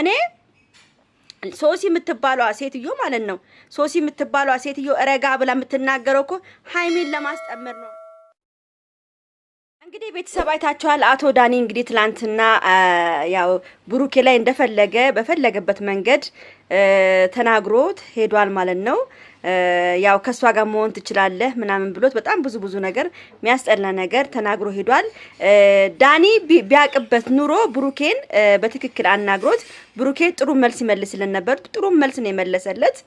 እኔ ሶሲ የምትባለዋ ሴትዮ ማለት ነው። ሶሲ የምትባለዋ ሴትዮ ረጋ ብላ የምትናገረው እኮ ሀይሜን ለማስጠመር ነው። እንግዲህ ቤተሰብ አይታችኋል። አቶ ዳኒ እንግዲህ ትላንትና ያው ብሩኬ ላይ እንደፈለገ በፈለገበት መንገድ ተናግሮት ሄዷል ማለት ነው። ያው ከእሷ ጋር መሆን ትችላለህ ምናምን ብሎት በጣም ብዙ ብዙ ነገር የሚያስጠላ ነገር ተናግሮ ሄዷል። ዳኒ ቢያቅበት ኑሮ ብሩኬን በትክክል አናግሮት ብሩኬ ጥሩ መልስ ይመልስልን ነበር። ጥሩ መልስ ነው የመለሰለት።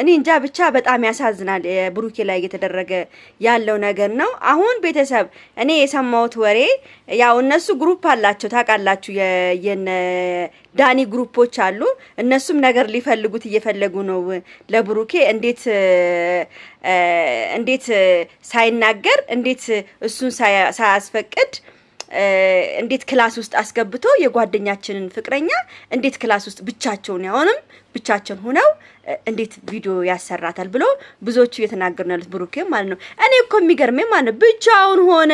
እኔ እንጃ ብቻ በጣም ያሳዝናል። ብሩኬ ላይ እየተደረገ ያለው ነገር ነው። አሁን ቤተሰብ እኔ የሰማሁት ወሬ ያው እነሱ ግሩፕ አላቸው ታውቃላችሁ ዳኒ ግሩፖች አሉ። እነሱም ነገር ሊፈልጉት እየፈለጉ ነው። ለብሩኬ እንዴት እንዴት ሳይናገር እንዴት እሱን ሳያስፈቅድ እንዴት ክላስ ውስጥ አስገብቶ የጓደኛችንን ፍቅረኛ እንዴት ክላስ ውስጥ ብቻቸውን ያሆንም ብቻቸውን ሆነው እንዴት ቪዲዮ ያሰራታል ብሎ ብዙዎቹ እየተናገሩ ነው ያሉት፣ ብሩኬ ማለት ነው። እኔ እኮ የሚገርመኝ ማለት ነው ብቻውን ሆነ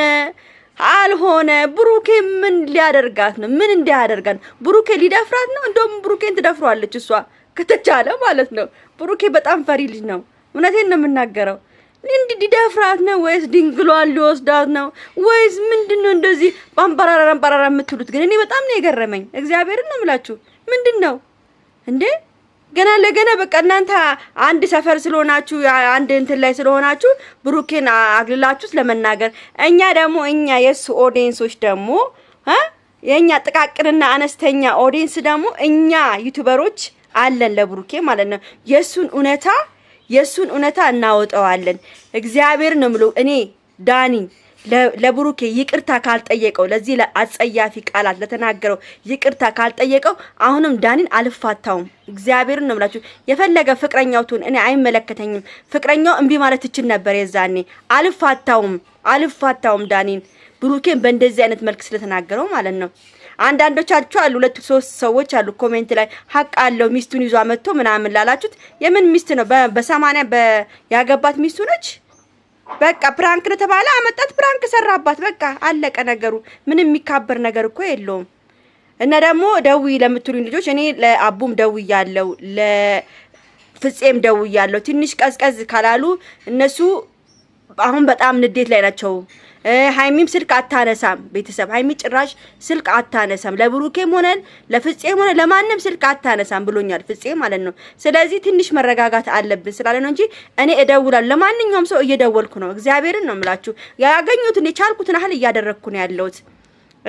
አልሆነ ብሩኬ ምን ሊያደርጋት ነው? ምን እንዲያደርጋት ብሩኬ ሊደፍራት ነው? እንደውም ብሩኬን ትደፍሯለች እሷ ከተቻለ ማለት ነው። ብሩኬ በጣም ፈሪ ልጅ ነው። እውነቴን ነው የምናገረው። እንዲ ሊደፍራት ነው ወይስ ድንግሏን ሊወስዳት ነው ወይስ ምንድን ነው? እንደዚህ ባምባራራ ባምባራራ የምትሉት ግን እኔ በጣም ነው የገረመኝ። እግዚአብሔርን ነው የምላችሁ። ምንድን ነው እንዴ? ገና ለገና በቃ እናንተ አንድ ሰፈር ስለሆናችሁ አንድ እንትን ላይ ስለሆናችሁ ብሩኬን አግልላችሁስ ለመናገር እኛ ደግሞ እኛ የእሱ ኦዲየንሶች ደግሞ የእኛ ጥቃቅንና አነስተኛ ኦዲየንስ ደግሞ እኛ ዩቱበሮች አለን ለብሩኬ ማለት ነው። የእሱን እውነታ የእሱን እውነታ እናወጠዋለን። እግዚአብሔር ነው ምሎ እኔ ዳኒ ለብሩኬ ይቅርታ ካልጠየቀው ለዚህ ለአጸያፊ ቃላት ለተናገረው ይቅርታ ካልጠየቀው አሁንም ዳኒን አልፋታውም። እግዚአብሔርን ነው ብላችሁ የፈለገ ፍቅረኛው ትሁን እኔ አይመለከተኝም። ፍቅረኛው እምቢ ማለት ትችል ነበር የዛኔ። አልፋታውም፣ አልፋታውም ዳኒን ብሩኬን በእንደዚህ አይነት መልክ ስለተናገረው ማለት ነው። አንዳንዶቻችሁ አሉ ሁለት ሶስት ሰዎች አሉ ኮሜንት ላይ ሀቅ አለው ሚስቱን ይዟ መጥቶ ምናምን ላላችሁት የምን ሚስት ነው በሰማንያ ያገባት ሚስቱ ነች። በቃ ፕራንክ ነው ተባለ፣ አመጣት፣ ፕራንክ ሰራባት። በቃ አለቀ ነገሩ። ምንም የሚካበር ነገር እኮ የለውም። እና ደግሞ ደዊ ለምትሉኝ ልጆች እኔ ለአቡም ለፍጼም ለፍፄም ያለው ትንሽ ቀዝቀዝ ካላሉ እነሱ አሁን በጣም ንዴት ላይ ናቸው። ሀይሚም ስልክ አታነሳም። ቤተሰብ ሀይሚ ጭራሽ ስልክ አታነሳም። ለብሩኬም ሆነ ለፍፄም ሆነ ለማንም ስልክ አታነሳም ብሎኛል፣ ፍጼ ማለት ነው። ስለዚህ ትንሽ መረጋጋት አለብን ስላለ ነው እንጂ እኔ እደውላለሁ። ለማንኛውም ሰው እየደወልኩ ነው። እግዚአብሔርን ነው የምላችሁ። ያገኙትን የቻልኩትን ያህል እያደረግኩ ነው ያለሁት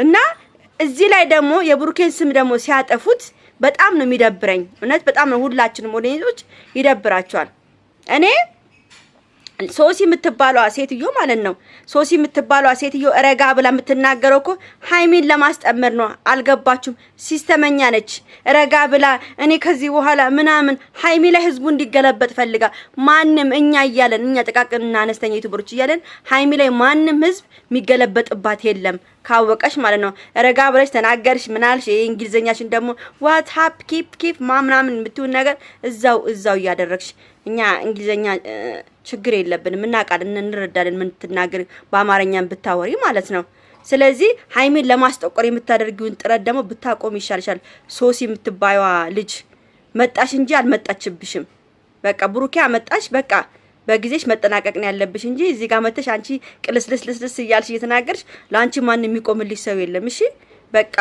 እና እዚህ ላይ ደግሞ የብሩኬን ስም ደግሞ ሲያጠፉት በጣም ነው የሚደብረኝ። እውነት በጣም ነው ሁላችንም ወደ ይዞች ይደብራቸዋል እኔ ሶሲ የምትባለዋ ሴትዮ ማለት ነው። ሶሲ የምትባለዋ ሴትዮ ረጋ ብላ የምትናገረው እኮ ሀይሜን ለማስጠመር ነው። አልገባችሁም? ሲስተመኛ ነች። ረጋ ብላ እኔ ከዚህ በኋላ ምናምን ሀይሜ ላይ ህዝቡ እንዲገለበጥ ፈልጋ ማንም እኛ እያለን እኛ ጥቃቅንና አነስተኛ ዩቱበሮች እያለን ሀይሜ ላይ ማንም ህዝብ የሚገለበጥባት የለም። ካወቀሽ ማለት ነው። ረጋ ብለሽ ተናገርሽ ምናልሽ ይሄ እንግሊዘኛሽን ደግሞ ዋት ሀፕ ኪፕ ኪፕ ማምናምን የምትውን ነገር እዛው እዛው እያደረግሽ እኛ እንግሊዘኛ ችግር የለብንም እናውቃለን፣ እንረዳለን። ምንትናገር ትናገር በአማርኛም ብታወሪ ማለት ነው። ስለዚህ ሀይሜን ለማስጠቆር የምታደርጊውን ጥረት ደግሞ ብታቆም ይሻልሻል። ሶሲ የምትባዩዋ ልጅ መጣሽ እንጂ አልመጣችብሽም። በቃ ብሩኪያ መጣሽ በቃ በጊዜሽ መጠናቀቅ ነው ያለብሽ እንጂ እዚህ ጋር መተሽ አንቺ ቅልስልስልስልስ እያልሽ እየተናገርሽ ለአንቺ ማን የሚቆምልሽ ሰው የለም። እሺ በቃ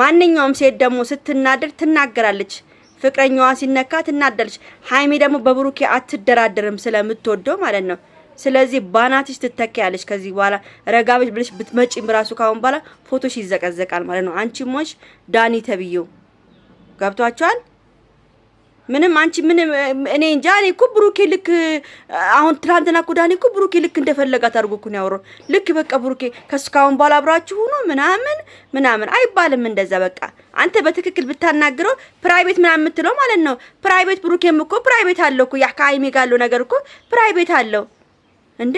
ማንኛውም ሴት ደግሞ ስትናደድ ትናገራለች። ፍቅረኛዋ ሲነካ ትናደለች። ሀይሜ ደግሞ በብሩኬ አትደራደርም ስለምትወደው ማለት ነው። ስለዚህ ባናትሽ ትተካያለች። ከዚህ በኋላ ረጋበሽ ብለሽ ብትመጪም ራሱ ካሁን በኋላ ፎቶሽ ይዘቀዘቃል ማለት ነው። አንቺ ሞች ዳኒ ተብዬው ገብቷቸዋል። ምንም አንቺ ምንም እኔ እንጃ። እኔ እኮ ብሩኬ ልክ አሁን ትላንትና እኮ እኮ ብሩኬ ልክ እንደፈለጋት አድርጎ እኮ ነው ያወራው። ልክ በቃ ብሩኬ ከሱ ካሁን በኋላ አብራችሁ ሆኖ ምናምን ምናምን አይባልም እንደዛ። በቃ አንተ በትክክል ብታናግረው ፕራይቬት ምናምን የምትለው ማለት ነው። ፕራይቬት ብሩኬም እኮ ፕራይቬት አለው እኮ ያ ከሀይሜ ጋር ያለው ነገር እኮ ፕራይቬት አለው እንዴ።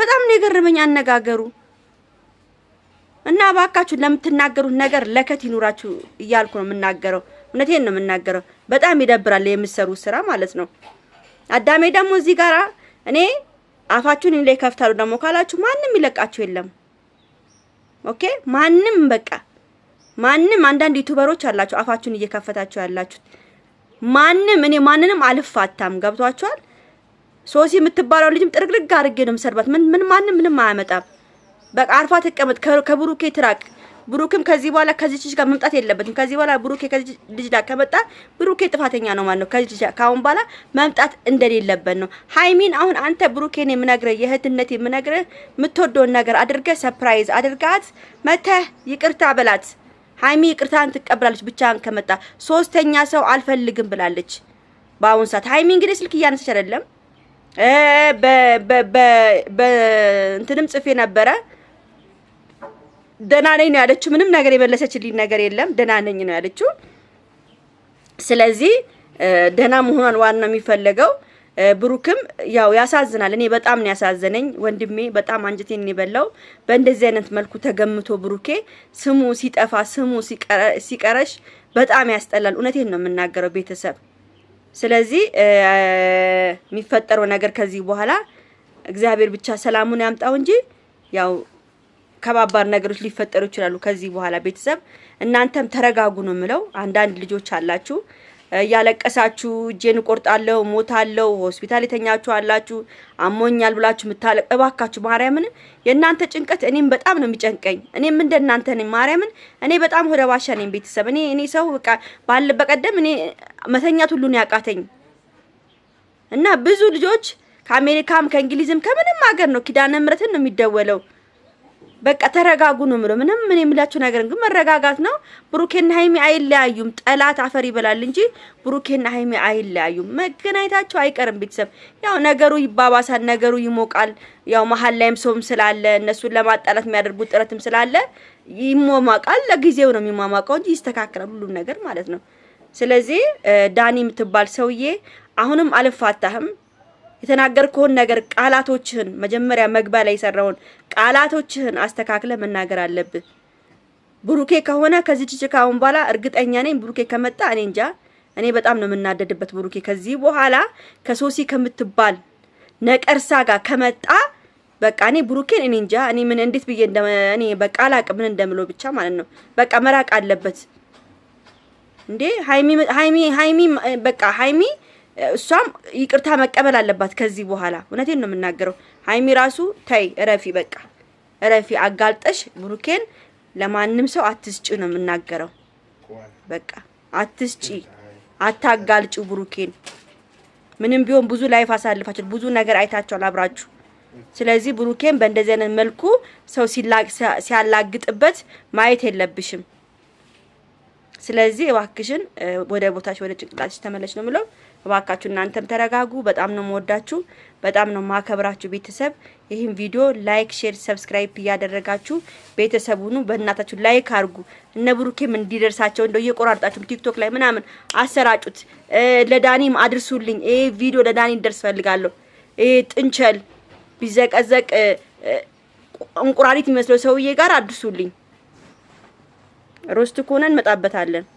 በጣም ነው የገረመኝ አነጋገሩ። እና እባካችሁ ለምትናገሩት ነገር ለከት ይኑራችሁ እያልኩ ነው የምናገረው። እውነቴን ነው የምናገረው። በጣም ይደብራል የምሰሩ ስራ ማለት ነው። አዳሜ ደግሞ እዚህ ጋር እኔ አፋችሁን ላይ ከፍታሉ ደግሞ ካላችሁ ማንም ይለቃችሁ የለም። ኦኬ ማንም በቃ ማንም አንዳንድ ዩቱበሮች አላችሁ አፋችሁን እየከፈታችሁ ያላችሁት ማንም እኔ ማንንም አልፋታም። ገብቷችኋል? ሶሲ የምትባለው ልጅም ጥርግርግ አድርጌ ነው የምሰርባት። ምን ምን ማንም ምንም አያመጣም። በቃ አርፋ ትቀመጥ፣ ከብሩኬ ትራቅ። ብሩክም ከዚህ በኋላ ከዚህ ልጅ ጋር መምጣት የለበትም። ከዚህ በኋላ ብሩኬ ከዚህ ልጅ ጋር ከመጣ ብሩኬ ጥፋተኛ ነው ማለት ነው። ከዚህ ልጅ ካሁን በኋላ መምጣት እንደሌለበት ነው። ሀይሚን አሁን አንተ ብሩኬን የምነግርህ የእህትነት የምነግርህ የምትወደውን ነገር አድርገህ ሰፕራይዝ አድርጋት መተህ ይቅርታ በላት። ሀይሚ ይቅርታን ትቀበላለች። ብቻህን ከመጣ ሶስተኛ ሰው አልፈልግም ብላለች። በአሁን ሰዓት ሀይሚ እንግዲህ ስልክ እያነሳች አይደለም። በ በ በ እንትንም ጽፌ ነበረ ደህና ነኝ ነው ያለችው። ምንም ነገር የመለሰችልኝ ነገር የለም። ደህና ነኝ ነው ያለችው። ስለዚህ ደህና መሆኗን ዋና የሚፈለገው ብሩክም ያው ያሳዝናል። እኔ በጣም ነው ያሳዘነኝ ወንድሜ፣ በጣም አንጀቴን ነው የበላው። በእንደዚህ አይነት መልኩ ተገምቶ ብሩኬ ስሙ ሲጠፋ ስሙ ሲቀረሽ በጣም ያስጠላል። እውነቴን ነው የምናገረው ቤተሰብ። ስለዚህ የሚፈጠረው ነገር ከዚህ በኋላ እግዚአብሔር ብቻ ሰላሙን ያምጣው እንጂ ያው ከባባር ነገሮች ሊፈጠሩ ይችላሉ ከዚህ በኋላ ቤተሰብ። እናንተም ተረጋጉ ነው የምለው። አንዳንድ ልጆች አላችሁ እያለቀሳችሁ እጄን ቆርጣለሁ፣ ሞታለሁ፣ ሆስፒታል የተኛችሁ አላችሁ፣ አሞኛል ብላችሁ የምታለቅ እባካችሁ ማርያምን፣ የእናንተ ጭንቀት እኔም በጣም ነው የሚጨንቀኝ። እኔም እንደ እናንተ ነኝ። ማርያምን እኔ በጣም ሆደ ባሻ ነኝ ቤተሰብ። እኔ እኔ ሰው በቃ ባለ በቀደም እኔ መተኛት ሁሉን ያቃተኝ እና ብዙ ልጆች ከአሜሪካም ከእንግሊዝም ከምንም ሀገር ነው ኪዳነ ምሕረትን ነው የሚደወለው በቃ ተረጋጉ ነው የምለው። ምንም ምን የምላችሁ ነገር ግን መረጋጋት ነው። ብሩኬና ሀይሚ አይለያዩም። ጠላት አፈር ይበላል እንጂ ብሩኬና ሀይሚ አይለያዩም። መገናኘታቸው አይቀርም። ቤተሰብ ያው ነገሩ ይባባሳል፣ ነገሩ ይሞቃል። ያው መሀል ላይም ሰውም ስላለ እነሱን ለማጣላት የሚያደርጉት ጥረትም ስላለ ይሟሟቃል። ለጊዜው ነው የሚሟሟቀው እንጂ ይስተካከላል ሁሉም ነገር ማለት ነው። ስለዚህ ዳኒ የምትባል ሰውዬ አሁንም አልፋታህም የተናገርከውን ነገር ቃላቶችህን መጀመሪያ መግባ ላይ የሰራውን ቃላቶችህን አስተካክለ መናገር አለብህ። ብሩኬ ከሆነ ከዚህ ጭጭካውን በኋላ እርግጠኛ ነኝ ብሩኬ ከመጣ እኔ እንጃ፣ እኔ በጣም ነው የምናደድበት። ብሩኬ ከዚህ በኋላ ከሶሲ ከምትባል ነቀርሳ ጋር ከመጣ በቃ እኔ ብሩኬን እኔ እንጃ፣ እኔ ምን እንዴት ብዬ እኔ በቃ አላቅም ምን እንደምለው ብቻ ማለት ነው። በቃ መራቅ አለበት እንዴ ሃይሚ ሃይሚ ሃይሚ በቃ ሃይሚ እሷም ይቅርታ መቀበል አለባት ከዚህ በኋላ። እውነቴን ነው የምናገረው። ሀይሚ ራሱ ተይ እረፊ፣ በቃ እረፊ፣ አጋልጠሽ ብሩኬን ለማንም ሰው አትስጪ ነው የምናገረው። በቃ አትስጪ፣ አታጋልጩ ብሩኬን። ምንም ቢሆን ብዙ ላይፍ አሳልፋችኋል፣ ብዙ ነገር አይታችኋል አብራችሁ። ስለዚህ ብሩኬን በእንደዚህ አይነት መልኩ ሰው ሲያላግጥበት ማየት የለብሽም። ስለዚህ እባክሽን ወደ ቦታሽ፣ ወደ ጭንቅላትሽ ተመለሽ ነው የምለው። እባካችሁ እናንተም ተረጋጉ። በጣም ነው መወዳችሁ፣ በጣም ነው ማከብራችሁ። ቤተሰብ ይህም ቪዲዮ ላይክ፣ ሼር፣ ሰብስክራይብ እያደረጋችሁ ቤተሰቡኑ በእናታችሁ ላይክ አድርጉ። እነ ብሩኬም እንዲደርሳቸው እንደው እየቆራርጣችሁ ቲክቶክ ላይ ምናምን አሰራጩት፣ ለዳኒም አድርሱልኝ። ይህ ቪዲዮ ለዳኒ እንደርስ ፈልጋለሁ። ይሄ ጥንቸል ቢዘቀዘቅ እንቁራሪት የሚመስለው ሰውዬ ጋር አድርሱልኝ። ሮስት ከሆነ እንመጣበታለን።